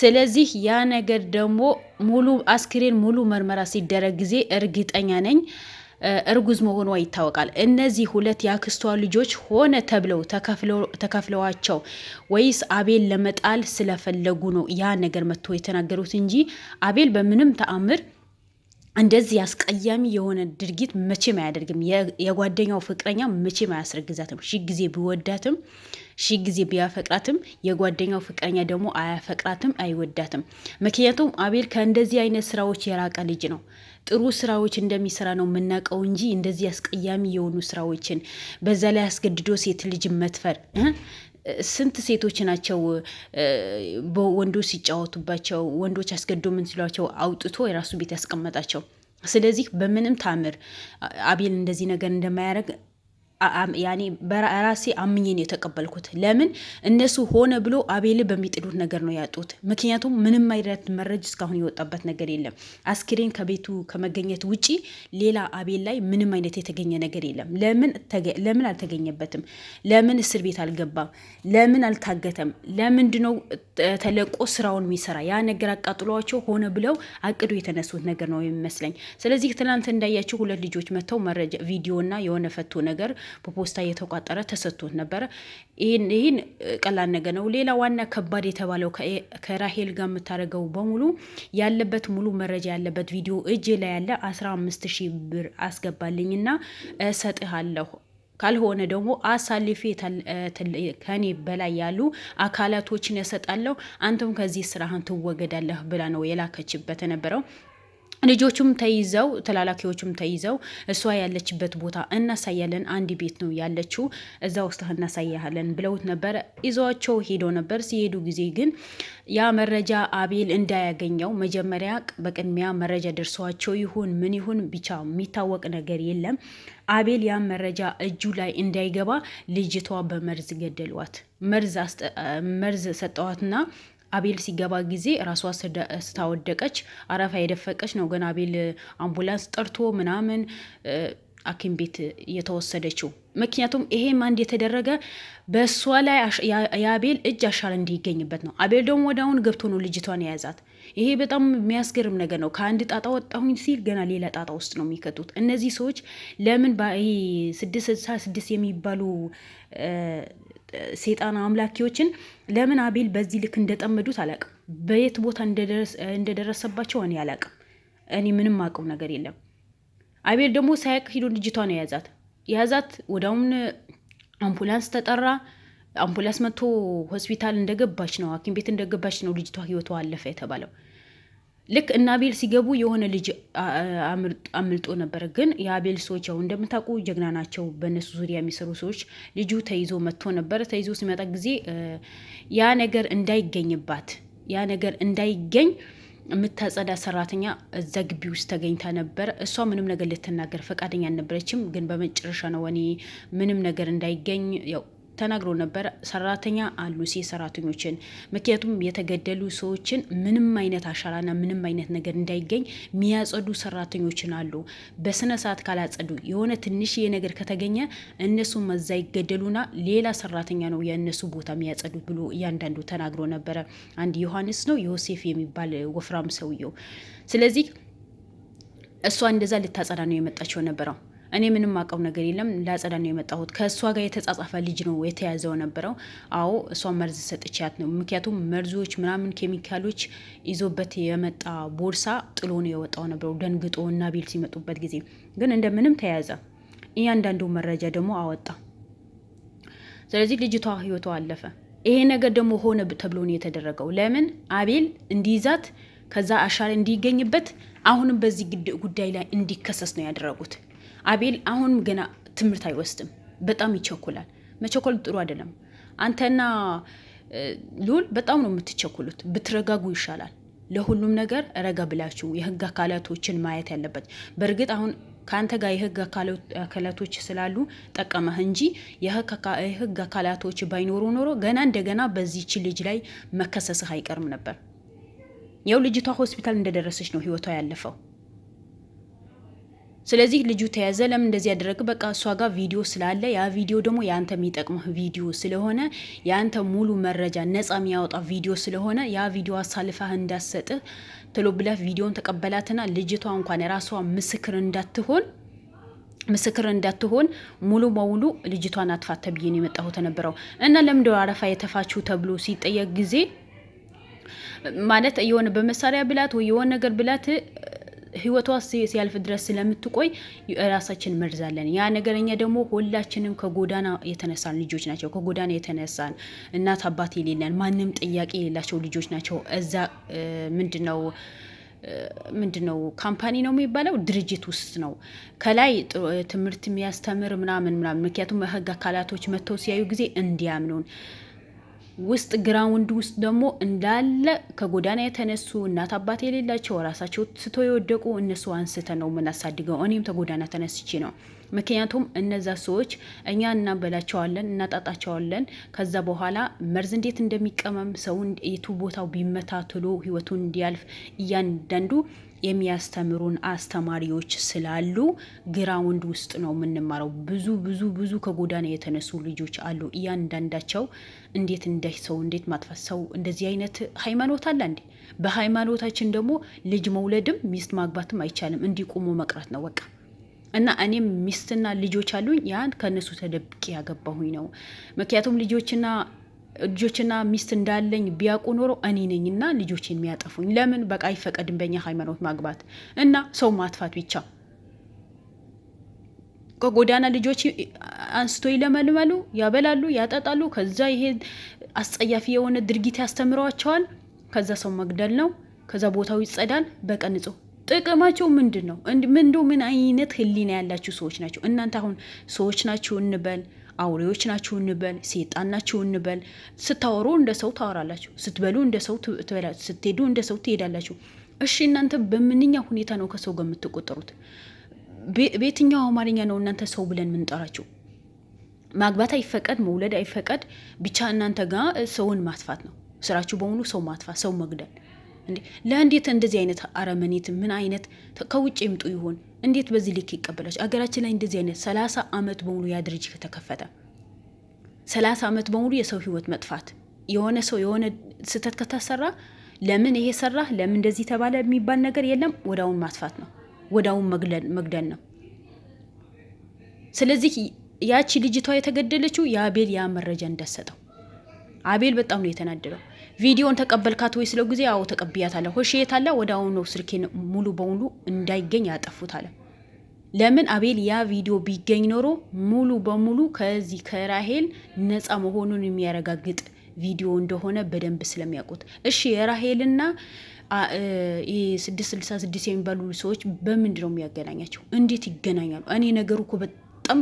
ስለዚህ ያ ነገር ደግሞ ሙሉ አስክሬን ሙሉ ምርመራ ሲደረግ ጊዜ እርግጠኛ ነኝ እርጉዝ መሆኗ ይታወቃል። እነዚህ ሁለት የአክስቷ ልጆች ሆነ ተብለው ተከፍለዋቸው ወይስ አቤል ለመጣል ስለፈለጉ ነው ያ ነገር መጥቶ የተናገሩት እንጂ አቤል በምንም ተአምር እንደዚህ አስቀያሚ የሆነ ድርጊት መቼም አያደርግም። የጓደኛው ፍቅረኛ መቼም አያስረግዛትም። ሺ ጊዜ ቢወዳትም ሺ ጊዜ ቢያፈቅራትም የጓደኛው ፍቅረኛ ደግሞ አያፈቅራትም፣ አይወዳትም። ምክንያቱም አቤል ከእንደዚህ አይነት ስራዎች የራቀ ልጅ ነው። ጥሩ ስራዎች እንደሚሰራ ነው የምናውቀው እንጂ እንደዚህ አስቀያሚ የሆኑ ስራዎችን በዛ ላይ አስገድዶ ሴት ልጅ መትፈር ስንት ሴቶች ናቸው በወንዶች ሲጫወቱባቸው ወንዶች አስገዶ ምን ሲሏቸው አውጥቶ የራሱ ቤት ያስቀመጣቸው። ስለዚህ በምንም ታምር አቤል እንደዚህ ነገር እንደማያደርግ ያኔ በራሴ አምኜ ነው የተቀበልኩት። ለምን እነሱ ሆነ ብሎ አቤል በሚጥሉት ነገር ነው ያጡት። ምክንያቱም ምንም አይነት መረጃ እስካሁን የወጣበት ነገር የለም። አስክሬን ከቤቱ ከመገኘት ውጪ ሌላ አቤል ላይ ምንም አይነት የተገኘ ነገር የለም። ለምን አልተገኘበትም? ለምን እስር ቤት አልገባም? ለምን አልታገተም? ለምንድ ነው ተለቆ ስራውን የሚሰራ? ያ ነገር አቃጥሏቸው ሆነ ብለው አቅዶ የተነሱት ነገር ነው የሚመስለኝ። ስለዚህ ትናንት እንዳያቸው ሁለት ልጆች መጥተው መረጃ ቪዲዮና የሆነ ፈቶ ነገር በፖስታ እየተቋጠረ ተሰጥቶት ነበረ። ይህን ቀላል ነገር ነው። ሌላ ዋና ከባድ የተባለው ከራሄል ጋር የምታደርገው በሙሉ ያለበት ሙሉ መረጃ ያለበት ቪዲዮ እጅ ላይ ያለ 15 ሺህ ብር አስገባልኝና እሰጥሃለሁ ካልሆነ ደግሞ አሳልፌ ከኔ በላይ ያሉ አካላቶችን እሰጣለሁ፣ አንተም ከዚህ ስራህን ትወገዳለህ ብላ ነው የላከችበት የነበረው። ልጆቹም ተይዘው ተላላኪዎቹም ተይዘው እሷ ያለችበት ቦታ እናሳያለን፣ አንድ ቤት ነው ያለችው፣ እዛ ውስጥ እናሳያለን ብለውት ነበር። ይዟቸው ሄዶ ነበር። ሲሄዱ ጊዜ ግን ያ መረጃ አቤል እንዳያገኘው መጀመሪያ በቅድሚያ መረጃ ደርሷቸው ይሁን ምን ይሁን ብቻ የሚታወቅ ነገር የለም። አቤል ያ መረጃ እጁ ላይ እንዳይገባ ልጅቷ በመርዝ ገደሏት። መርዝ ሰጠዋትና አቤል ሲገባ ጊዜ ራሷ ስታወደቀች አረፋ የደፈቀች ነው። ግን አቤል አምቡላንስ ጠርቶ ምናምን ሐኪም ቤት የተወሰደችው ምክንያቱም ይሄም አንድ የተደረገ በእሷ ላይ የአቤል እጅ አሻል እንዲገኝበት ነው። አቤል ደግሞ ወዲያውኑ ገብቶ ነው ልጅቷን የያዛት። ይሄ በጣም የሚያስገርም ነገር ነው። ከአንድ ጣጣ ወጣሁኝ ሲል ገና ሌላ ጣጣ ውስጥ ነው የሚከቱት እነዚህ ሰዎች። ለምን ስድስት ስድስት የሚባሉ ሴጣን አምላኪዎችን ለምን አቤል በዚህ ልክ እንደጠመዱት አላቅም በየት ቦታ እንደደረሰባቸው እኔ አላቅም እኔ ምንም አውቀው ነገር የለም። አቤል ደግሞ ሳያቅ ሂዶ ልጅቷን የያዛት የያዛት ወዲያውኑ አምቡላንስ ተጠራ። አምቡላንስ መጥቶ ሆስፒታል እንደገባች ነው ሐኪም ቤት እንደገባች ነው ልጅቷ ህይወቷ አለፈ የተባለው። ልክ እና አቤል ሲገቡ የሆነ ልጅ አምልጦ ነበረ። ግን የአቤል ሰዎች ያው እንደምታውቁ ጀግና ናቸው። በእነሱ ዙሪያ የሚሰሩ ሰዎች ልጁ ተይዞ መጥቶ ነበረ። ተይዞ ሲመጣ ጊዜ ያ ነገር እንዳይገኝባት ያ ነገር እንዳይገኝ የምታጸዳ ሰራተኛ እዛ ግቢ ውስጥ ተገኝታ ነበረ። እሷ ምንም ነገር ልትናገር ፈቃደኛ አልነበረችም። ግን በመጨረሻ ነው እኔ ምንም ነገር እንዳይገኝ ያው ተናግሮ ነበር። ሰራተኛ አሉ ሴት ሰራተኞችን ምክንያቱም የተገደሉ ሰዎችን ምንም አይነት አሻራና ምንም አይነት ነገር እንዳይገኝ የሚያጸዱ ሰራተኞችን አሉ። በስነ ሰዓት ካላጸዱ የሆነ ትንሽ ነገር ከተገኘ እነሱ መዛ ይገደሉና ሌላ ሰራተኛ ነው የእነሱ ቦታ የሚያጸዱት ብሎ እያንዳንዱ ተናግሮ ነበረ። አንድ ዮሐንስ ነው ዮሴፍ የሚባል ወፍራም ሰውየው። ስለዚህ እሷ እንደዛ ልታጸዳ ነው የመጣቸው ነበረው እኔ ምንም አውቀው ነገር የለም። ላጸዳ ነው የመጣሁት። ከእሷ ጋር የተጻጻፈ ልጅ ነው የተያዘው ነበረው። አዎ እሷ መርዝ ሰጥቻት ነው። ምክንያቱም መርዞች ምናምን ኬሚካሎች ይዞበት የመጣ ቦርሳ ጥሎ ነው የወጣው ነበረው፣ ደንግጦ እና ቢል ሲመጡበት ጊዜ ግን እንደምንም ተያዘ። እያንዳንዱ መረጃ ደግሞ አወጣ። ስለዚህ ልጅቷ ህይወቷ አለፈ። ይሄ ነገር ደግሞ ሆነ ተብሎ ነው የተደረገው። ለምን አቤል እንዲይዛት ከዛ አሻራ እንዲገኝበት አሁንም በዚህ ጉዳይ ላይ እንዲከሰስ ነው ያደረጉት። አቤል አሁንም ገና ትምህርት አይወስድም። በጣም ይቸኩላል። መቸኮል ጥሩ አይደለም። አንተና ልዑል በጣም ነው የምትቸኩሉት። ብትረጋጉ ይሻላል። ለሁሉም ነገር ረጋ ብላችሁ የህግ አካላቶችን ማየት ያለበት። በእርግጥ አሁን ከአንተ ጋር የህግ አካላቶች ስላሉ ጠቀመህ እንጂ የህግ አካላቶች ባይኖሩ ኖሮ ገና እንደገና በዚች ልጅ ላይ መከሰስህ አይቀርም ነበር። ያው ልጅቷ ሆስፒታል እንደደረሰች ነው ህይወቷ ያለፈው። ስለዚህ ልጁ ተያዘ። ለምን እንደዚህ ያደረግ? በቃ እሷ ጋር ቪዲዮ ስላለ ያ ቪዲዮ ደግሞ የአንተ የሚጠቅመህ ቪዲዮ ስለሆነ የአንተ ሙሉ መረጃ ነፃ የሚያወጣ ቪዲዮ ስለሆነ ያ ቪዲዮ አሳልፈህ እንዳሰጥህ ትሎ ብለህ ቪዲዮን ተቀበላትና ልጅቷ እንኳን የራሷ ምስክር እንዳትሆን ምስክር እንዳትሆን ሙሉ በሙሉ ልጅቷን አጥፋት ተብዬ ነው የመጣሁት የነበረው እና ለምንድ አረፋ የተፋችሁ ተብሎ ሲጠየቅ ጊዜ ማለት የሆነ በመሳሪያ ብላት ወይ የሆነ ነገር ብላት ህይወቷ ሲያልፍ ድረስ ስለምትቆይ ራሳችን መርዛለን። ያ ነገረኛ ደግሞ ሁላችንም ከጎዳና የተነሳን ልጆች ናቸው። ከጎዳና የተነሳን እናት አባት የሌለን ማንም ጥያቄ የሌላቸው ልጆች ናቸው። እዛ ምንድነው ምንድነው ካምፓኒ ነው የሚባለው ድርጅት ውስጥ ነው። ከላይ ትምህርት የሚያስተምር ምናምን ምናምን ምክንያቱም ህግ አካላቶች መጥተው ሲያዩ ጊዜ እንዲያምኑን ውስጥ ግራውንድ ውስጥ ደግሞ እንዳለ ከጎዳና የተነሱ እናት አባት የሌላቸው ራሳቸው ስቶ የወደቁ እነሱ አንስተ ነው የምናሳድገው። እኔም ከጎዳና ተነስቼ ነው ምክንያቱም እነዛ ሰዎች እኛ እናበላቸዋለን፣ እናጣጣቸዋለን። ከዛ በኋላ መርዝ እንዴት እንደሚቀመም ሰው የቱ ቦታው ቢመታትሎ ህይወቱን እንዲያልፍ እያንዳንዱ የሚያስተምሩን አስተማሪዎች ስላሉ ግራውንድ ውስጥ ነው የምንማረው። ብዙ ብዙ ብዙ ከጎዳና የተነሱ ልጆች አሉ። እያንዳንዳቸው እንዴት እንደ ሰው እንዴት ማጥፋት ሰው እንደዚህ አይነት ሃይማኖት አለ እንዴ? በሃይማኖታችን ደግሞ ልጅ መውለድም ሚስት ማግባትም አይቻልም። እንዲቁሙ መቅረት ነው በቃ። እና እኔም ሚስትና ልጆች አሉኝ። ያን ከእነሱ ተደብቄ ያገባሁኝ ነው። ምክንያቱም ልጆችና ልጆችና ሚስት እንዳለኝ ቢያውቁ ኖሮ እኔ ነኝ እና ልጆች የሚያጠፉኝ። ለምን በቃ አይፈቀድም በኛ ሃይማኖት ማግባት እና ሰው ማጥፋት ብቻ። ከጎዳና ልጆች አንስቶ ይለመልመሉ፣ ያበላሉ፣ ያጠጣሉ። ከዛ ይሄ አስጸያፊ የሆነ ድርጊት ያስተምረዋቸዋል። ከዛ ሰው መግደል ነው። ከዛ ቦታው ይጸዳል። በቀን ንጹህ ጥቅማቸው ምንድን ነው? ምንዶ ምን አይነት ህሊና ያላችሁ ሰዎች ናቸው እናንተ? አሁን ሰዎች ናችሁ እንበል፣ አውሬዎች ናችሁ እንበል፣ ሴጣን ናችሁ እንበል። ስታወሩ እንደ ሰው ታወራላችሁ፣ ስትበሉ እንደ ሰው ትበላላችሁ፣ ስትሄዱ እንደ ሰው ትሄዳላችሁ። እሺ እናንተ በምንኛ ሁኔታ ነው ከሰው ጋር የምትቆጠሩት? በየትኛው አማርኛ ነው እናንተ ሰው ብለን የምንጠራችሁ? ማግባት አይፈቀድ፣ መውለድ አይፈቀድ፣ ብቻ እናንተ ጋር ሰውን ማጥፋት ነው ስራችሁ በሙሉ፣ ሰው ማጥፋት፣ ሰው መግደል እንዴ ለእንዴት እንደዚህ አይነት አረመኔት ምን አይነት ከውጭ ይምጡ ይሆን? እንዴት በዚህ ልክ ይቀበላች? አገራችን ላይ እንደዚህ አይነት ሰላሳ አመት በሙሉ ያ ድርጅት ከተከፈተ ሰላሳ አመት በሙሉ የሰው ህይወት መጥፋት የሆነ ሰው የሆነ ስህተት ከተሰራ ለምን ይሄ ሰራ ለምን እንደዚህ ተባለ የሚባል ነገር የለም። ወዳውን ማጥፋት ነው፣ ወዳውን መግደል ነው። ስለዚህ ያቺ ልጅቷ የተገደለችው የአቤል ያ መረጃ እንደሰጠው አቤል በጣም ነው የተናደደው። ቪዲዮን ተቀበልካት ወይ ስለው ጊዜ አዎ አለ። ሆሽ የት አለ? ወደ አሁኑ ስልኬን ሙሉ በሙሉ እንዳይገኝ ያጠፉት አለ። ለምን አቤል ያ ቪዲዮ ቢገኝ ኖሮ ሙሉ በሙሉ ከዚህ ከራሄል ነፃ መሆኑን የሚያረጋግጥ ቪዲዮ እንደሆነ በደንብ ስለሚያውቁት። እሺ የራሄልና ስድስት ስልሳ ስድስት የሚባሉ ሰዎች በምንድ ነው የሚያገናኛቸው? እንዴት ይገናኛሉ? እኔ ነገሩ እኮ በጣም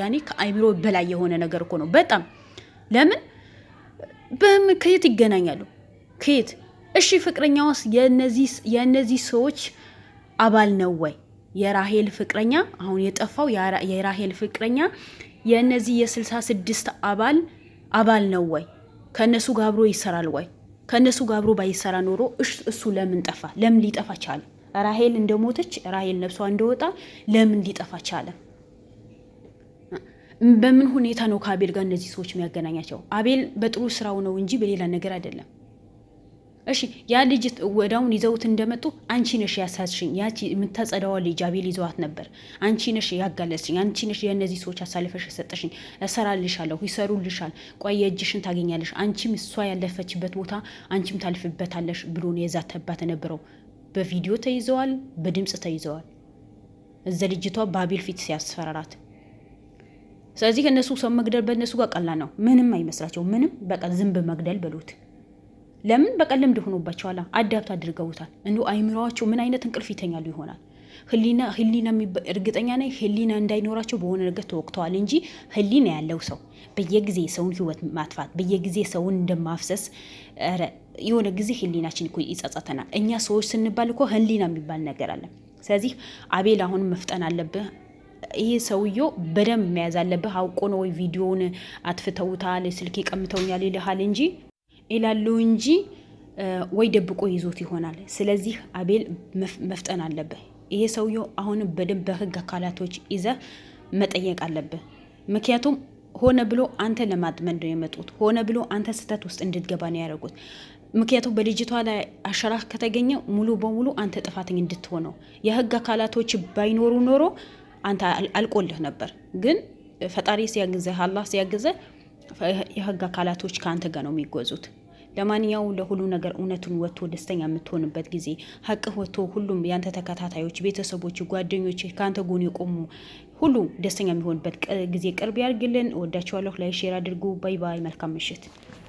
ያኔ ከአይምሮ በላይ የሆነ ነገር እኮ ነው። በጣም ለምን በምን ከየት ይገናኛሉ? ከየት እሺ፣ ፍቅረኛውስ የእነዚህ ሰዎች አባል ነው ወይ? የራሄል ፍቅረኛ አሁን የጠፋው የራሄል ፍቅረኛ የእነዚህ የስልሳ ስድስት አባል አባል ነው ወይ? ከእነሱ ጋር አብሮ ይሰራል ወይ? ከእነሱ ጋር አብሮ ባይሰራ ኖሮ እሱ ለምን ጠፋ? ለምን ሊጠፋ ቻለ? ራሄል እንደሞተች ራሄል ነፍሷ እንደወጣ ለምን ሊጠፋ ቻለም? በምን ሁኔታ ነው ከአቤል ጋር እነዚህ ሰዎች የሚያገናኛቸው? አቤል በጥሩ ስራው ነው እንጂ በሌላ ነገር አይደለም። እሺ ያ ልጅ ወዳውን ይዘውት እንደመጡ አንቺ ነሽ ያሳትሽኝ፣ ያቺ የምታጸዳዋ ልጅ አቤል ይዘዋት ነበር። አንቺ ነሽ ያጋለጽሽኝ፣ አንቺ ነሽ የእነዚህ ሰዎች አሳልፈሽ የሰጠሽኝ። እሰራልሻለሁ፣ ይሰሩልሻል፣ ቆይ የእጅሽን ታገኛለሽ፣ አንቺም እሷ ያለፈችበት ቦታ አንቺም ታልፍበታለሽ ብሎ ነው የዛተባት የነበረው። በቪዲዮ ተይዘዋል፣ በድምፅ ተይዘዋል። እዛ ልጅቷ በአቤል ፊት ሲያስፈራራት ስለዚህ እነሱ ሰው መግደል በእነሱ ጋር ቀላል ነው። ምንም አይመስላቸው። ምንም በቃ ዝንብ መግደል በሉት። ለምን በቃ ልምድ ሆኖባቸዋል። አዳብት አድርገውታል። እንዲ አይምሯቸው ምን አይነት እንቅልፍ ይተኛሉ ይሆናል። ህሊና ህሊና እርግጠኛ ነኝ ህሊና እንዳይኖራቸው በሆነ ነገር ተወቅተዋል እንጂ ህሊና ያለው ሰው በየጊዜ ሰውን ህይወት ማጥፋት በየጊዜ ሰውን እንደማፍሰስ የሆነ ጊዜ ህሊናችን እኮ ይጸጸተናል። እኛ ሰዎች ስንባል እኮ ህሊና የሚባል ነገር አለ። ስለዚህ አቤል አሁን መፍጠን አለብህ። ይሄ ሰውዮ በደንብ መያዝ አለብህ። አውቆ ነው ወይ ቪዲዮውን አትፍተውታል፣ ስልክ ቀምተውኛል ይልሃል እንጂ ይላለው እንጂ ወይ ደብቆ ይዞት ይሆናል። ስለዚህ አቤል መፍጠን አለብህ። ይሄ ሰውዮ አሁንም በደንብ በህግ አካላቶች ይዘህ መጠየቅ አለብህ። ምክንያቱም ሆነ ብሎ አንተ ለማጥመድ ነው የመጡት። ሆነ ብሎ አንተ ስህተት ውስጥ እንድትገባ ነው ያደረጉት። ምክንያቱም በልጅቷ ላይ አሸራህ ከተገኘ ሙሉ በሙሉ አንተ ጥፋተኛ እንድትሆነው የህግ አካላቶች ባይኖሩ ኖሮ አንተ አልቆልህ ነበር። ግን ፈጣሪ ሲያግዘ አላህ ሲያግዘ የህግ አካላቶች ከአንተ ጋር ነው የሚጓዙት። ለማንኛውም ለሁሉ ነገር እውነቱን ወጥቶ ደስተኛ የምትሆንበት ጊዜ ሀቅ ወጥቶ ሁሉም የአንተ ተከታታዮች፣ ቤተሰቦች፣ ጓደኞች ከአንተ ጎን የቆሙ ሁሉ ደስተኛ የሚሆንበት ጊዜ ቅርብ ያርግልን እወዳችኋለሁ። ላይ ሼር አድርጉ። ባይ ባይ። መልካም ምሽት።